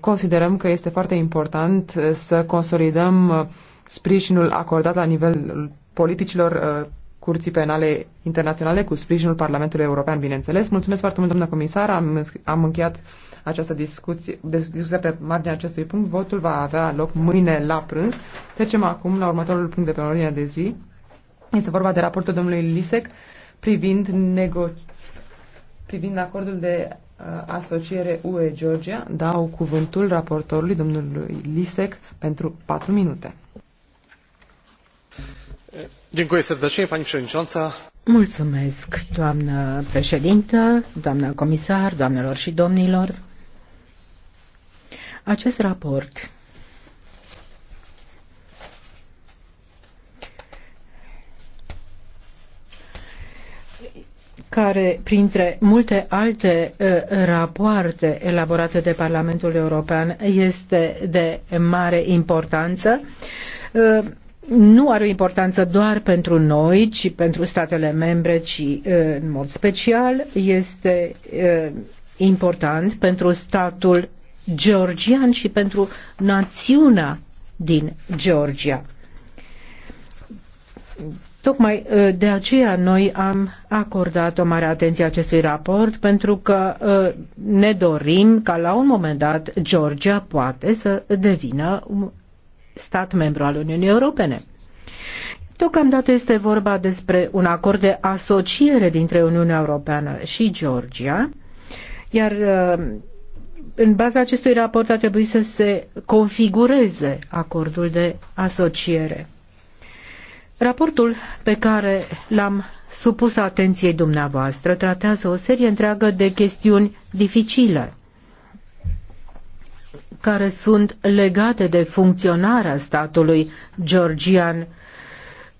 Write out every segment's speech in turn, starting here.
considerăm că este foarte important uh, să consolidăm uh, sprijinul acordat la nivel politicilor uh, Curții Penale Internaționale cu sprijinul Parlamentului European, bineînțeles. Mulțumesc foarte mult, doamnă comisar. Am, am încheiat această discuție, discuția pe marginea acestui punct. Votul va avea loc mâine la prânz. Trecem acum la următorul punct de pe ordinea de zi. Este vorba de raportul domnului Lisec privind, nego- privind acordul de Uh, asociere UE-Georgia, dau cuvântul raportorului, domnului Lisek, pentru 4 minute. Mulțumesc, doamnă președintă, doamnă comisar, doamnelor și domnilor. Acest raport care, printre multe alte uh, rapoarte elaborate de Parlamentul European, este de mare importanță uh, nu are o importanță doar pentru noi, ci pentru statele membre, ci uh, în mod special este important pentru statul georgian și pentru națiunea din Georgia. Tocmai ă, de aceea noi am acordat o mare atenție acestui raport pentru că ă, ne dorim ca la un moment dat Georgia poate să devină un stat membru al Uniunii Europene. Deocamdată este vorba despre un acord de asociere dintre Uniunea Europeană și Georgia, iar ă, în baza acestui raport ar trebui să se configureze acordul de asociere. Raportul pe care l-am supus atenției dumneavoastră tratează o serie întreagă de chestiuni dificile care sunt legate de funcționarea statului georgian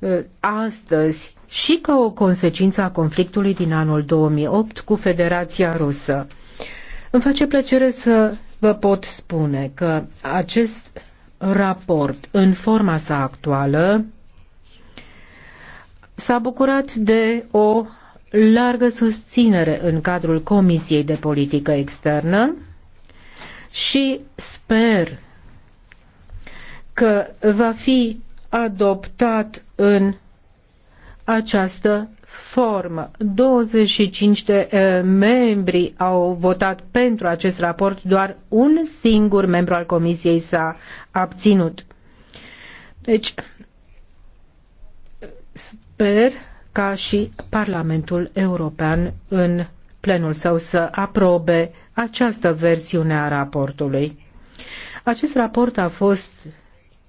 ă, astăzi și ca o consecință a conflictului din anul 2008 cu Federația Rusă. Îmi face plăcere să vă pot spune că acest raport, în forma sa actuală, s-a bucurat de o largă susținere în cadrul Comisiei de Politică Externă și sper că va fi adoptat în această formă. 25 de uh, membri au votat pentru acest raport, doar un singur membru al comisiei s-a abținut. Deci, Sper ca și Parlamentul European în plenul său să aprobe această versiune a raportului. Acest raport a fost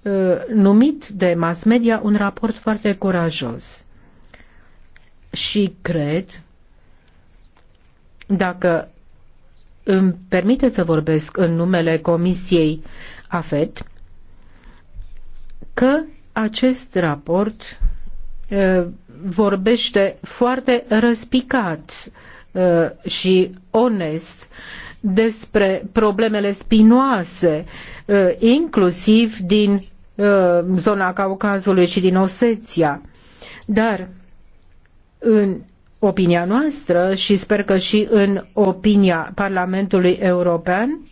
uh, numit de mass media un raport foarte curajos. Și cred, dacă îmi permite să vorbesc în numele Comisiei AFET, că acest raport Eh, vorbește foarte răspicat eh, și onest despre problemele spinoase, eh, inclusiv din zona Caucazului și din Oseția. Dar, în opinia noastră și sper că și în opinia Parlamentului European,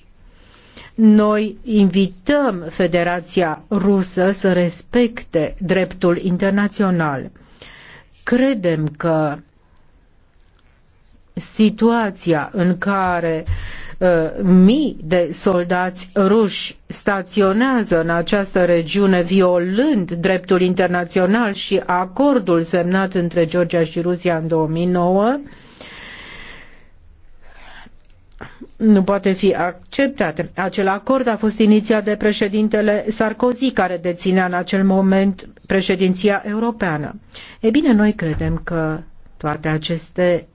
noi invităm Federația Rusă să respecte dreptul internațional. Credem că situația în care uh, mii de soldați ruși staționează în această regiune violând dreptul internațional și acordul semnat între Georgia și Rusia în 2009 nu poate fi acceptat. Acel acord a fost inițiat de președintele Sarkozy, care deținea în acel moment președinția europeană. E bine, noi credem că toate aceste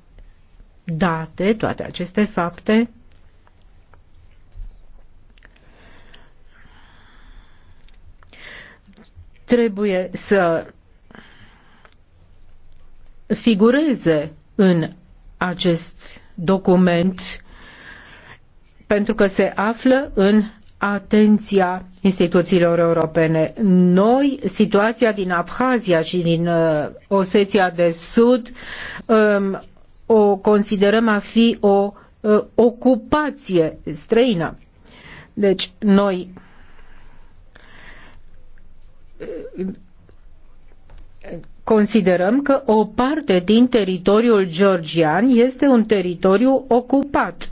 date, toate aceste fapte trebuie să figureze în acest document pentru că se află în atenția instituțiilor europene. Noi, situația din Abhazia și din uh, Osetia de Sud um, o considerăm a fi o uh, ocupație străină. Deci, noi uh, considerăm că o parte din teritoriul georgian este un teritoriu ocupat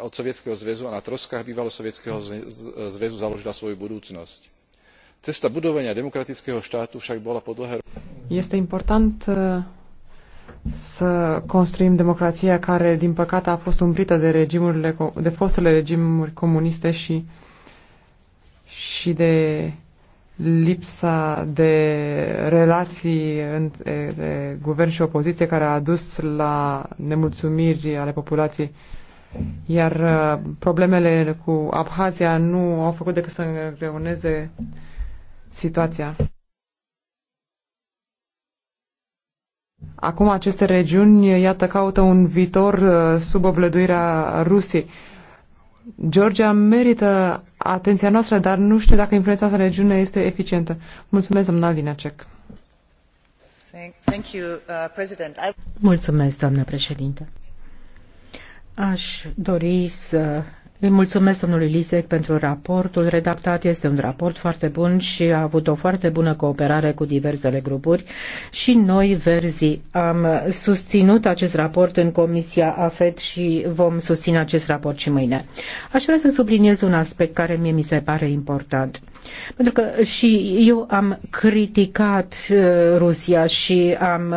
od sovietskeho zväzu a na troskách bývalého sovietskeho zväzu založila svoju budúcnosť. cesta budovania demokratického štátu však bola po dlhé Este important să construim democrația care, din păcate, a fost umbrită de regimurile, de fostele regimuri comuniste și, și de lipsa de relații între guvern și opoziție care a dus la nemulțumiri ale populației iar uh, problemele cu Abhazia nu au făcut decât să îngreuneze situația. Acum aceste regiuni, iată, caută un viitor uh, sub oblăduirea Rusiei. Georgia merită atenția noastră, dar nu știu dacă influența asta regiune este eficientă. Mulțumesc, doamna Linacek. Uh, Mulțumesc, doamnă președinte. Aș dori să îi mulțumesc domnului Lisec pentru raportul redactat. Este un raport foarte bun și a avut o foarte bună cooperare cu diversele grupuri și noi, Verzi, am susținut acest raport în Comisia AFET și vom susține acest raport și mâine. Aș vrea să subliniez un aspect care mie mi se pare important. Pentru că și eu am criticat uh, Rusia și am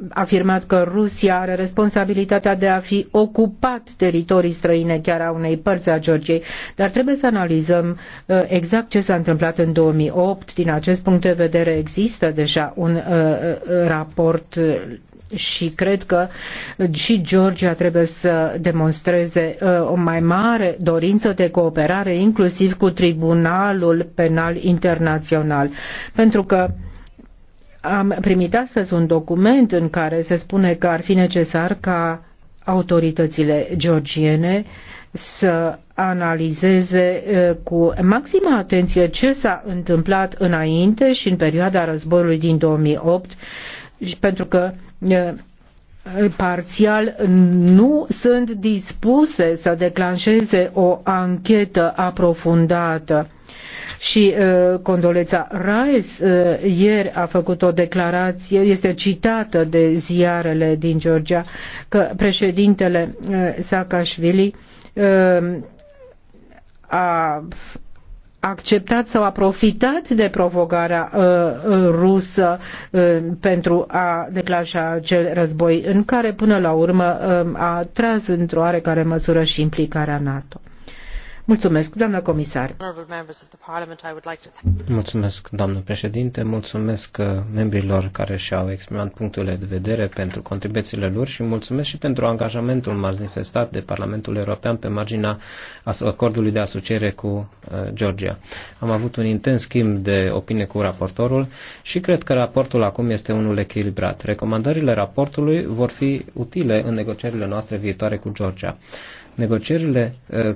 uh, afirmat că Rusia are responsabilitatea de a fi ocupat teritorii străine chiar a unei păi părți a Georgiei, dar trebuie să analizăm uh, exact ce s-a întâmplat în 2008. Din acest punct de vedere există deja un uh, uh, raport și cred că și Georgia trebuie să demonstreze o mai mare dorință de cooperare, inclusiv cu Tribunalul Penal Internațional. Pentru că am primit astăzi un document în care se spune că ar fi necesar ca autoritățile georgiene uh, să analizeze cu maximă atenție ce s-a întâmplat înainte și în perioada războiului din 2008, pentru că parțial nu sunt dispuse să declanșeze o anchetă aprofundată. Și uh, Condoleța Rice uh, ieri a făcut o declarație, este citată de ziarele din Georgia, că președintele uh, Saakashvili uh, Um, a acceptat sau a profitat de provocarea uh, rusă um, pentru a declanșa acel război în care până la urmă um, a tras într-o oarecare măsură și implicarea NATO. Mulțumesc, doamnă comisar. Mulțumesc, doamnă președinte, mulțumesc uh, membrilor care și-au exprimat punctele de vedere pentru contribuțiile lor și mulțumesc și pentru angajamentul manifestat de Parlamentul European pe marginea acordului de asociere cu uh, Georgia. Am avut un intens schimb de opinie cu raportorul și cred că raportul acum este unul echilibrat. Recomandările raportului vor fi utile în negocierile noastre viitoare cu Georgia. Negocierile uh,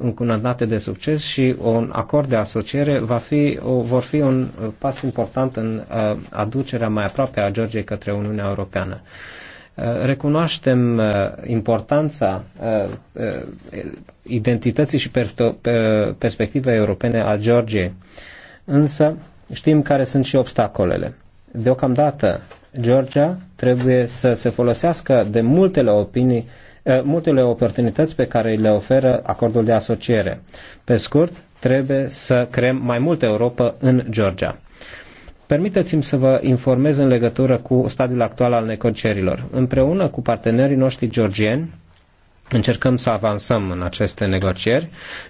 încunătate de succes și un acord de asociere va fi, o vor fi un uh, pas important în uh, aducerea mai aproape a Georgiei către Uniunea Europeană recunoaștem importanța identității și perspectivei europene a Georgiei, însă știm care sunt și obstacolele. Deocamdată, Georgia trebuie să se folosească de multele opinii Eh, multele oportunități pe care le oferă acordul de asociere. Pe scurt, trebuie să creăm mai multă Europa în Georgia. Permiteți-mi să vă informez în legătură cu stadiul actual al negocierilor. Împreună cu partenerii noștri georgieni, încercăm să avansăm în aceste negocieri,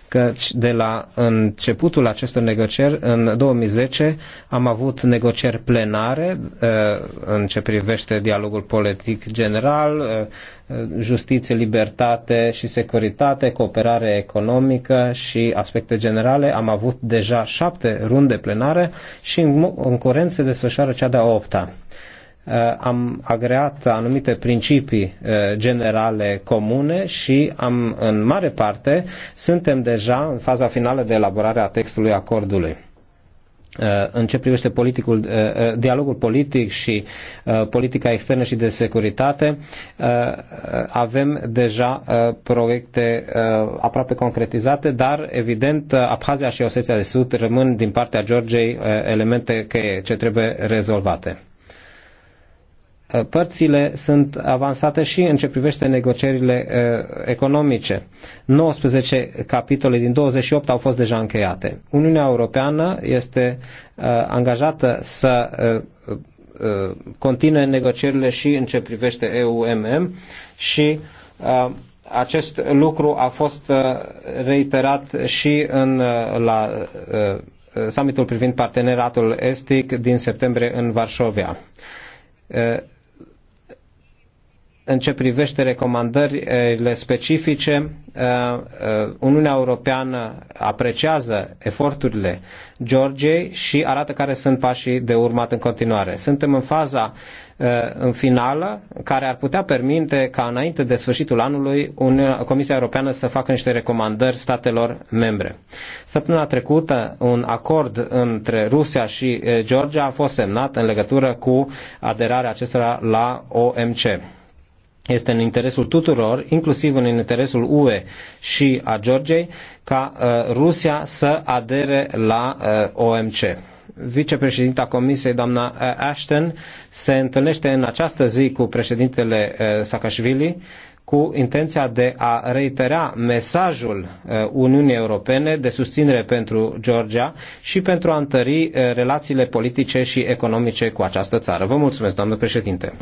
că de la începutul acestor negocieri, în 2010, am avut negocieri plenare uh, în ce privește dialogul politic general, uh, justiție, libertate și securitate, cooperare economică și aspecte generale. Am avut deja șapte runde plenare și în curent se desfășoară cea de-a opta. Uh, am agreat anumite principii uh, generale comune și am, în mare parte suntem deja în faza finală de elaborare a textului acordului uh, în ce privește politicul, dialogul politic și politica externă și de securitate, avem deja proiecte aproape concretizate, dar evident Abhazia și Osetia de Sud rămân din partea Georgiei elemente ce trebuie rezolvate. Uh, părțile sunt avansate și în ce privește negocierile uh, economice. 19 capitole din 28 au fost deja încheiate. Uniunea Europeană este uh, angajată să continue negocierile și în ce privește EUMM și acest lucru a fost reiterat și în, la summitul privind parteneratul estic din septembrie în Varșovia în ce privește recomandările specifice, uh, uh, Uniunea Europeană apreciază eforturile Georgiei și arată care sunt pașii de urmat în continuare. Suntem în faza uh, în finală care ar putea permite ca înainte de sfârșitul anului Comisia Europeană să facă niște recomandări statelor membre. Săptămâna trecută un acord între Rusia și Georgia a fost semnat în legătură cu aderarea acestora la OMC. Este în interesul tuturor, inclusiv în interesul UE și a Georgiei, ca uh, Rusia să adere la uh, OMC vicepreședinta Comisiei, doamna uh, Ashton, se întâlnește în această zi cu președintele Saakashvili cu intenția de a reitera mesajul uh, Uniunii Europene de susținere pentru Georgia și pentru a întări uh, relațiile politice și economice cu această țară. Vă mulțumesc, doamnă președinte.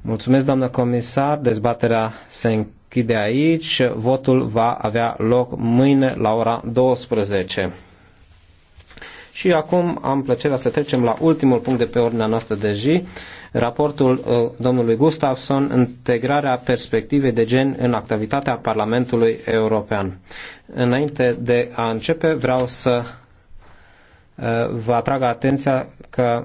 Mulțumesc, doamnă comisar. Dezbaterea se închide aici. Votul va avea loc mâine la ora 12. Și acum am plăcerea să trecem la ultimul punct de pe ordinea noastră de zi raportul uh, domnului Gustafsson, integrarea perspectivei de gen în activitatea Parlamentului European. Înainte de a începe, vreau să uh, vă atrag atenția că